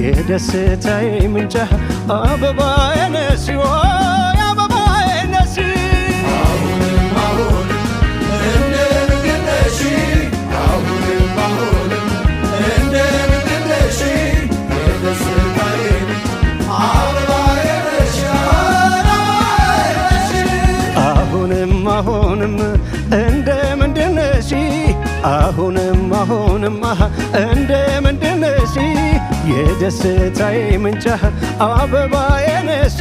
የደስታዬ ምንጭ አበባዬ ነሽ አበባዬ ነሽ አሁንም አሁንም እንደ ምንድነሽ አሁንም አሁንም እንደ የደስታዬ ምንጭ አበባዬ ነሽ